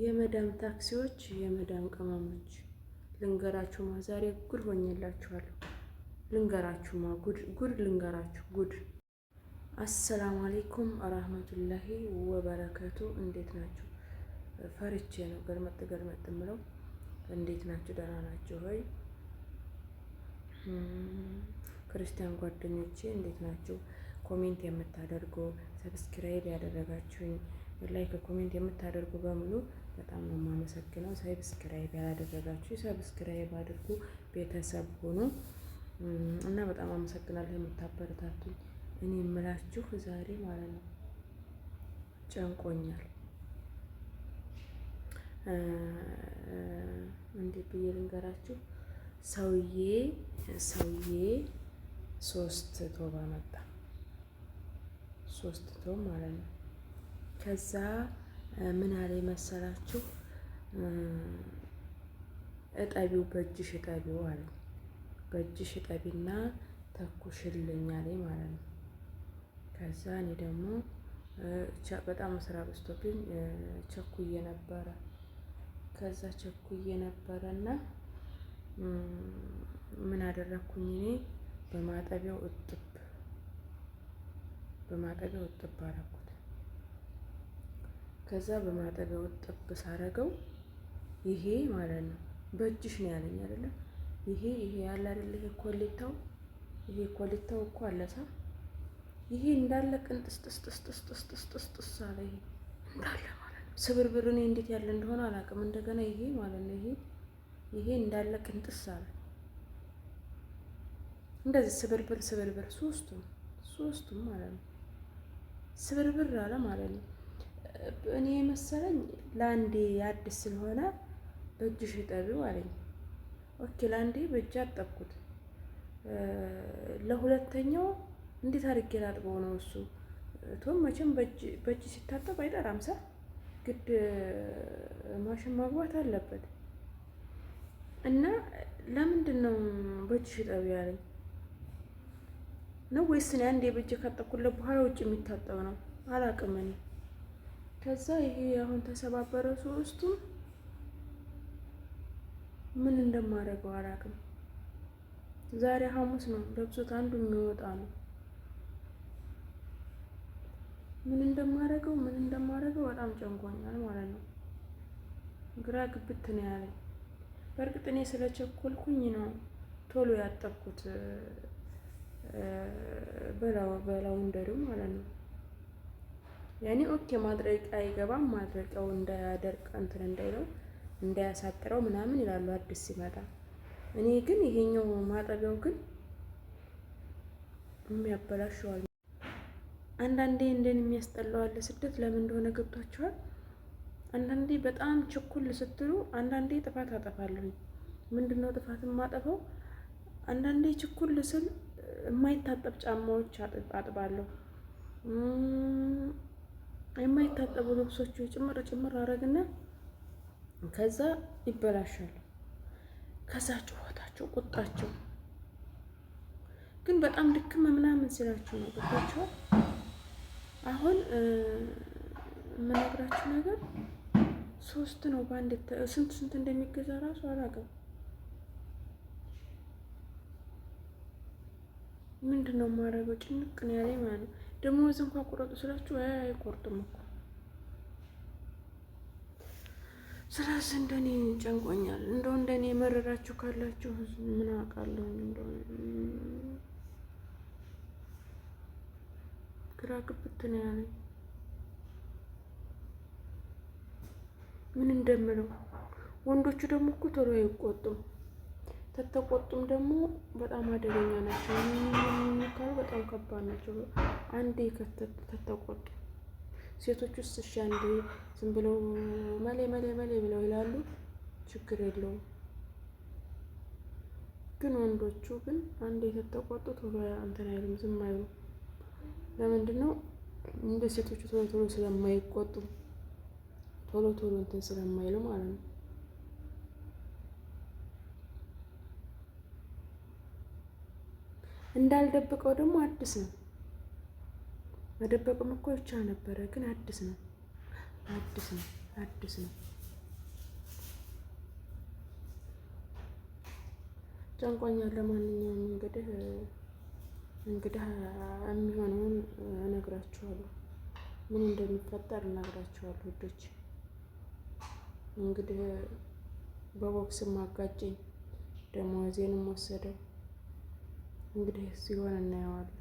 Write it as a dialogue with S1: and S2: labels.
S1: የመዳም ታክሲዎች የመዳም ቅመሞች ልንገራችሁ ዛሬ ጉድ ሆኜላችኋለሁ። ልንገራችሁ ጉድ ጉድ ልንገራችሁ ጉድ። አሰላሙ አሌይኩም ረህመቱላሂ ወበረከቱ። እንዴት ናችሁ? ፈርቼ ነው ገልመጥ ገልመጥ ምለው። እንዴት ናችሁ? ደህና ናችሁ ሆይ? ክርስቲያን ጓደኞቼ እንዴት ናችሁ? ኮሜንት የምታደርጉ ሰብስክራይብ ያደረጋችሁኝ ላይክ ኮሜንት የምታደርጉ በሙሉ በጣም ነው የማመሰግነው። ሰብስክራይብ ያላደረጋችሁ ሰብስክራይብ አድርጉ፣ ቤተሰብ ሆኑ እና በጣም አመሰግናለሁ የምታበረታቱኝ። እኔ የምላችሁ ዛሬ ማለት ነው ጨንቆኛል። እንዴት ብዬ ልንገራችሁ? ሰውዬ ሰውዬ ሶስት ቶባ መጣ ሶስት ቶ ማለት ነው ከዛ ምን አለ መሰላችሁ? እጠቢው በእጅሽ እጠቢው አለ። በእጅሽ እጠቢና ተኩሽልኝ አለ ማለት ነው። ከዛ እኔ ደግሞ በጣም ስራ በዝቶብኝ ቸኩዬ ነበረ። ከዛ ቸኩዬ ነበረና ምን አደረኩኝ እኔ በማጠቢያው እጥብ በማጠቢያው እጥብ አረኩ ከዛ በማጠቢያው ጥብስ አረገው። ይሄ ማለት ነው በእጅሽ ነው ያለኝ አይደለ? ይሄ ይሄ ያለ አይደለ ይሄ ኮሌታው ይሄ ኮሌታው እኮ አለሳ ይሄ እንዳለ ቅንጥስ ጥስ ጥስ ጥስ ጥስ ጥስ ጥስ ጥስ አለ። ይሄ እንዳለ ማለት ነው ስብርብር፣ እኔ እንዴት ያለ እንደሆነ አላውቅም። እንደገና ይሄ ማለት ነው ይሄ ይሄ እንዳለ ቅንጥስ አለ። እንደዚህ ስብርብር ስብርብር፣ ሶስቱም ሶስቱም ማለት ነው ስብርብር አለ ማለት ነው። እኔ የመሰለኝ ለአንዴ አዲስ ስለሆነ በእጅሽ እጠቢው አለኝ። ኦኬ ለአንዴ በእጅ አጠብኩት። ለሁለተኛው እንዴት አድርጌ ላጥበው ነው? እሱ ቶም መቼም በእጅ ሲታጠብ አይጠራም። ሰ ግድ ማሽን ማግባት አለበት። እና ለምንድን ነው በእጅሽ እጠቢው ያለኝ? ነው ወይስ እኔ አንዴ በእጅ ካጠብኩለት በኋላ ውጭ የሚታጠብ ነው? አላቅም እኔ ከዛ ይሄ አሁን ተሰባበረ ሶስቱ። ምን እንደማደርገው አላውቅም። ዛሬ ሐሙስ ነው፣ ለብሶት አንዱ የሚወጣ ነው። ምን እንደማደርገው ምን እንደማደርገው በጣም ጨንቆኛል ማለት ነው። ግራ ግብት ነው ያለኝ። በእርግጥ እኔ ስለቸኮልኩኝ ነው ቶሎ ያጠብኩት በላው በላውንደሪው ማለት ነው። ያኔ ኦኬ ማድረቂያ አይገባም። ማድረቂያው እንዳያደርቅ እንትን እንዳይለው እንዳያሳጥረው ምናምን ይላሉ አዲስ ሲመጣ። እኔ ግን ይሄኛው ማጠቢያው ግን የሚያበላሸዋል። አንዳንዴ እንደን የሚያስጠላዋል ስደት ለምን እንደሆነ ገብቷችኋል። አንዳንዴ በጣም ችኩል ስትሉ፣ አንዳንዴ ጥፋት አጠፋለሁኝ። ምንድን ነው ጥፋት የማጠፈው? አንዳንዴ ችኩል ስል የማይታጠብ ጫማዎች አጥባለሁ። የማይታጠቡ ልብሶቹ ጭምር ጭምር አረግና ከዛ ይበላሻል። ከዛ ጩኸታቸው፣ ቁጣቸው ግን በጣም ድክም ምናምን ሲላችሁ ነው ቁጣቸው። አሁን የምነግራችሁ ነገር ሶስት ነው በአንድ ስንት ስንት እንደሚገዛ እራሱ አላውቅም። ምንድን ነው የማደርገው? ጭንቅ ነው ያለኝ ማለት ነው። ደሞዝ እንኳ ቁረጡ ስላችሁ አይቆርጡም እኮ። ስለዚህ እንደኔ ጨንቆኛል። እንደው እንደኔ መረራችሁ ካላችሁ ምን አውቃለሁ እንደሆነ ግራ ግብት ነው ያለኝ። ምን እንደምለው ወንዶቹ ደግሞ እኮ ቶሎ አይቆጡም። ተተቆጡም ደግሞ በጣም አደገኛ ናቸው። የሚካሉ በጣም ከባድ ናቸው። አንዴ ተተቆጡ ሴቶች ውስጥ እሺ፣ አንዴ ዝም ብለው መሌ መሌ መሌ ብለው ይላሉ፣ ችግር የለውም። ግን ወንዶቹ ግን አንዴ ከተቆጡ ቶሎ እንትን አይሉም፣ ዝም አይሉ። ለምንድን ነው እንደ ሴቶቹ ቶሎ ቶሎ ስለማይቆጡ ቶሎ ቶሎ እንትን ስለማይሉ ማለት ነው። እንዳልደብቀው ደግሞ አዲስ ነው። መደበቅም እኮ ይቻል ነበረ፣ ግን አዲስ ነው አዲስ ነው አዲስ ነው። ጨንቆኛል። ለማንኛውም እንግዲህ እንግዲህ የሚሆነውን እነግራችኋለሁ፣ ምን እንደሚፈጠር እነግራችኋለሁ ውዶች። እንግዲህ በቦክስም አጋጨኝ፣ ደሞዜንም ወሰደው። እንግዲህ ሲሆን እናየዋለን።